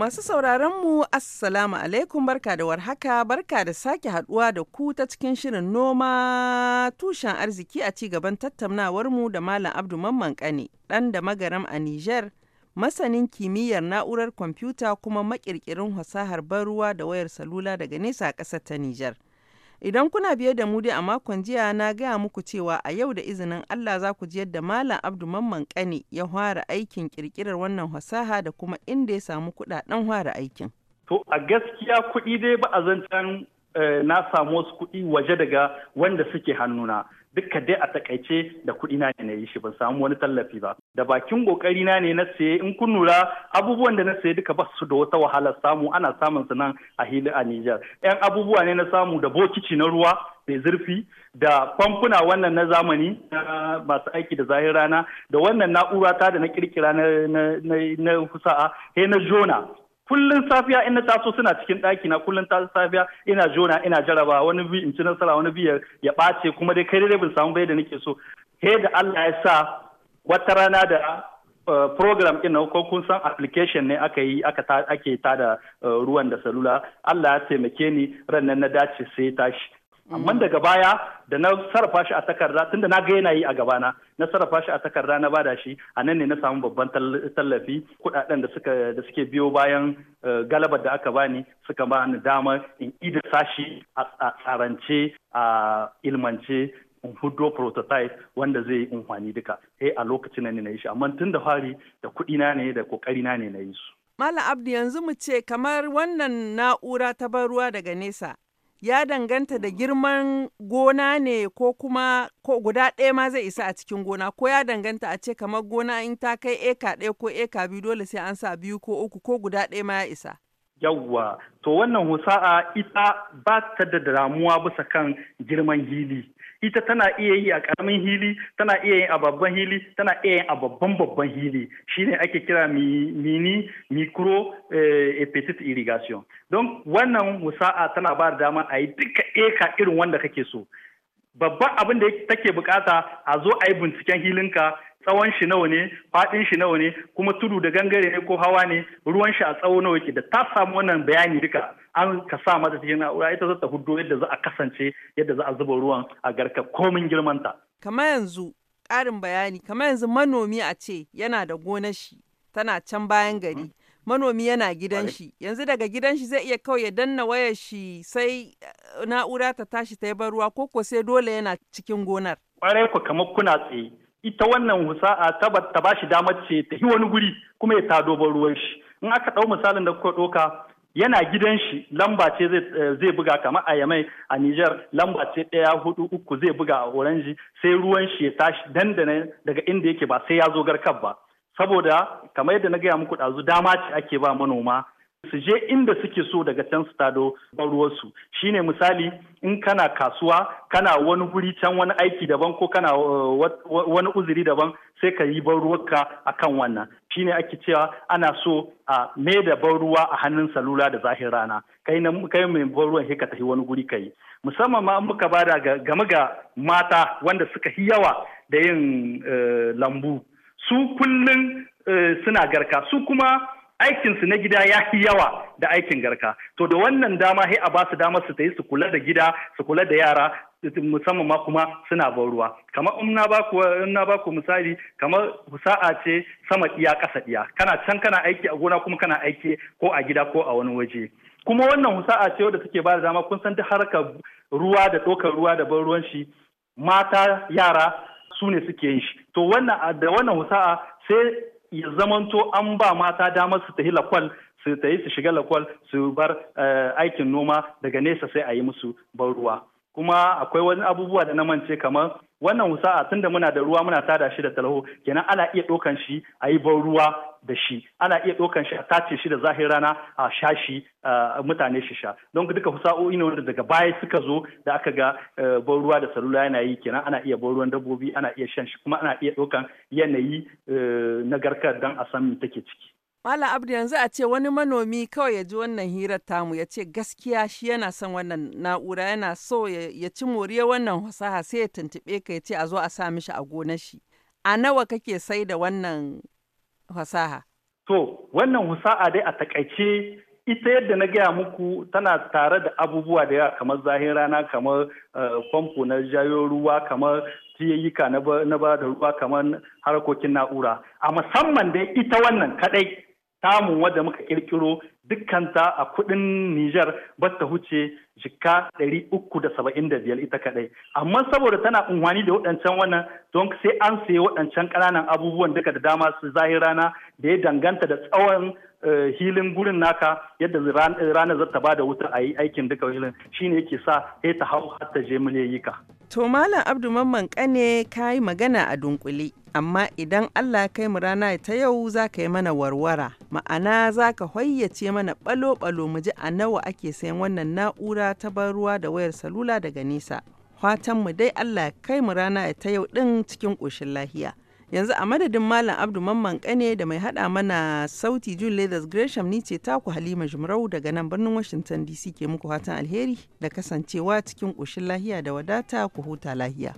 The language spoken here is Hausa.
Masu sauraron mu Assalamu alaikum barka da warhaka barka da sake haduwa da ku ta cikin shirin noma tushen arziki a ci gaban tattaunawar mu da Malam Abdu Mamman Kane dan da magaram a Niger masanin kimiyyar na'urar kwamfuta kuma makirkirin fasahar ban ruwa da wayar salula daga nesa a ƙasar ta Niger. Idan kuna biye da mu dai a makon jiya na gaya muku cewa a yau da izinin Allah za ku ji yadda Malam Abdu Mamman Kane ya fara aikin kirkirar wannan fasaha da kuma inda ya samu kudaden fara aikin. To a gaskiya kuɗi dai ba a zancen eh, na samu wasu kuɗi waje daga wanda suke hannuna. dukka dai a takaice da kuɗi na ne yi shi ban samu wani tallafi ba da bakin kokari na ne na saye in kun lura abubuwan da na saye duka ba su da wata wahalar samu ana samun su nan a hili a Nijar yan abubuwa ne na samu da bokiti na ruwa mai zurfi da famfuna wannan na zamani na masu aiki da zahir rana da wannan na'ura ta da na kirkira na na na kusa'a he na jona kullun safiya in na taso suna cikin ɗaki na kullun taso safiya ina jona ina jaraba wani bi in ci nasara wani bi ya ɓace kuma dai kai dai bin samu bai da nake so he da Allah ya sa wata rana da eh, program ɗin ko kun san application ne aka yi ake da eh, ruwan da salula Allah ya taimake ni ran nan na dace sai tashi amma daga baya da na sarrafa shi a takarda tunda na ga yana yi a gabana na sarrafa shi a takarda na bada shi a nan ne na samu babban tallafi kudaden da suka da suke biyo bayan eh, galabar da aka bani suka ba ni damar in ida sashi a tsarance a ilmance in hudo prototype wanda zai yi amfani duka eh a lokacin nan ne na yi shi amma tun da fari da kuɗi na ne da kokari na ne na yi su Malam Abdi yanzu mu ce kamar wannan na'ura ta ban ruwa daga nesa ya danganta da girman gona ne ko kuma ko guda ɗaya ma zai isa a cikin gona ko ya danganta a ce kamar gona in ta kai eka ɗaya ko eka biyu dole sai an sa biyu ko uku ko guda ɗaya ma ya isa. yawwa to wannan husa'a ita ba ta da damuwa bisa kan girman hili ita tana iya yi a karamin hili tana iya yi a babban hili tana iya yi a babban babban hili shine ake kira mini micro eh, petit irrigation don wannan husa'a tana ba da dama a yi duka eka irin wanda kake so babban abin da take bukata a zo a yi binciken hilinka tsawon shi nawa ne faɗin shi nawa ne kuma tudu da gangare ne ko hawa ne ruwan shi a tsawo nawa yake da ta samu wannan bayani duka an ka sa mata cikin na'ura ita za ta hudo yadda za a kasance yadda za a zuba ruwan a garka komin girmanta kamar yanzu ƙarin bayani kamar yanzu manomi a ce yana da gonar shi tana can bayan gari manomi yana gidan shi yanzu daga gidan shi zai iya kawai ya danna wayar shi sai eh, na'ura ta tashi ta yi barwa ko ko sai dole yana cikin gonar kwarai ku kamar kuna tsaye ita wannan husa'a ta ba shi damar ce ta yi wani guri kuma ya tado ruwan shi in aka ɗau misalin da kuka ɗauka yana gidan shi lamba ce zai eh, buga kamar a yamai a niger lamba ce ɗaya hudu uku zai buga a oranji sai ruwan shi ya tashi dandana daga inda yake ba sai ya zo garkar ba saboda kamar yadda na gaya muku ɗazu dama ce ake ba manoma su je inda suke so daga can su tado ruwarsu shine misali in kana kasuwa kana wani guri can wani aiki daban ko kana uh, wani uzuri daban sai ka yi ruwarka a kan wannan shine ake cewa ana so a me da ruwa a hannun salula da zahir rana kai mai ruwan sai ka tafi wani guri ka yi musamman ma muka bada game ga mata wanda suka yi yawa da yin uh, lambu su kullum eh, suna garka su kuma aikinsu na gida ya fi yawa da aikin garka to da wannan dama sai a ba su dama su yi su kula da gida su kula da yara musamman ma kuma suna ban ruwa kamar in na baku in na baku misali kamar sa'a ce sama iya ƙasa iya kana can kana aiki a gona kuma kana aiki ko a gida ko a wani waje kuma wannan husa'a ce wanda suke ba da dama kun san ta harkar ruwa da ɗaukar ruwa da ban ruwan shi mata yara su ne suke yin shi to wannan da wannan husa'a sai ya zamanto an ba mata damar su tafi lakwal su tafi su shiga lakwal su bar eh, aikin noma daga nesa sai a yi musu ban ruwa kuma akwai wani abubuwa da na mance kamar wannan husa'a tunda muna da ruwa muna tada shi da talho kenan ana iya ɗaukan shi a yi ban ruwa da shi ana iya ɗaukan shi a tace shi da zahir rana a sha shi mutane shi sha don duka husa'o'i ne wanda daga baya suka zo da aka ga e, ban ruwa da salula yana yi kenan ana iya ban ruwan dabbobi ana iya shan shi kuma ana iya ɗaukan yanayi e, na garkar don a san me take ciki Mala Abdu yanzu a ce wani manomi kawai ya ji wannan hirar tamu ya ce gaskiya shi yana son wannan na'ura yana so ya ci moriyar wannan fasaha sai ya tuntuɓe ka ya ce a zo a sa mishi a gona shi. A nawa kake sai da wannan fasaha? To, wannan fasaha dai a takaice ita yadda na gaya muku tana tare da abubuwa da yawa kamar zahin rana kamar eh, famfo na jayo ruwa kamar tiyayyuka na ba da ruwa kamar harkokin na'ura. A musamman dai ita wannan kadai samun wadda muka kirkiro dukkanta a kudin Nijar bata huce jika 375 ita kadai amma saboda tana unhwani da waɗancan wannan don sai an sayi waɗancan ƙananan abubuwan duka da dama su zahirana da ya danganta da tsawon eh, hilin gurin naka yadda ranar zata ba da wuta a yi aikin duka hilin ne yake sa ta hau har ta je ka. To Malam Abdu Mamman Kane ka yi magana a dunkule, amma idan Allah kai mu rana ta yau za ka yi mana warwara, ma'ana za ka hoyyace mana balo-balo mu ji a nawa ake sayan wannan na'ura ta ban ruwa da wayar salula daga nisa, Fatan mu dai Allah kai mu rana ta yau ɗin cikin ƙoshin lahiya. Yanzu a madadin Malam Abdu Mamman Kane da mai hada mana sauti June Leathers Gresham ni ce ta ku Halima Jumrau daga nan birnin Washington DC ke muku fatan alheri da kasancewa cikin ƙoshin lahiya da wadata ku huta lahiya.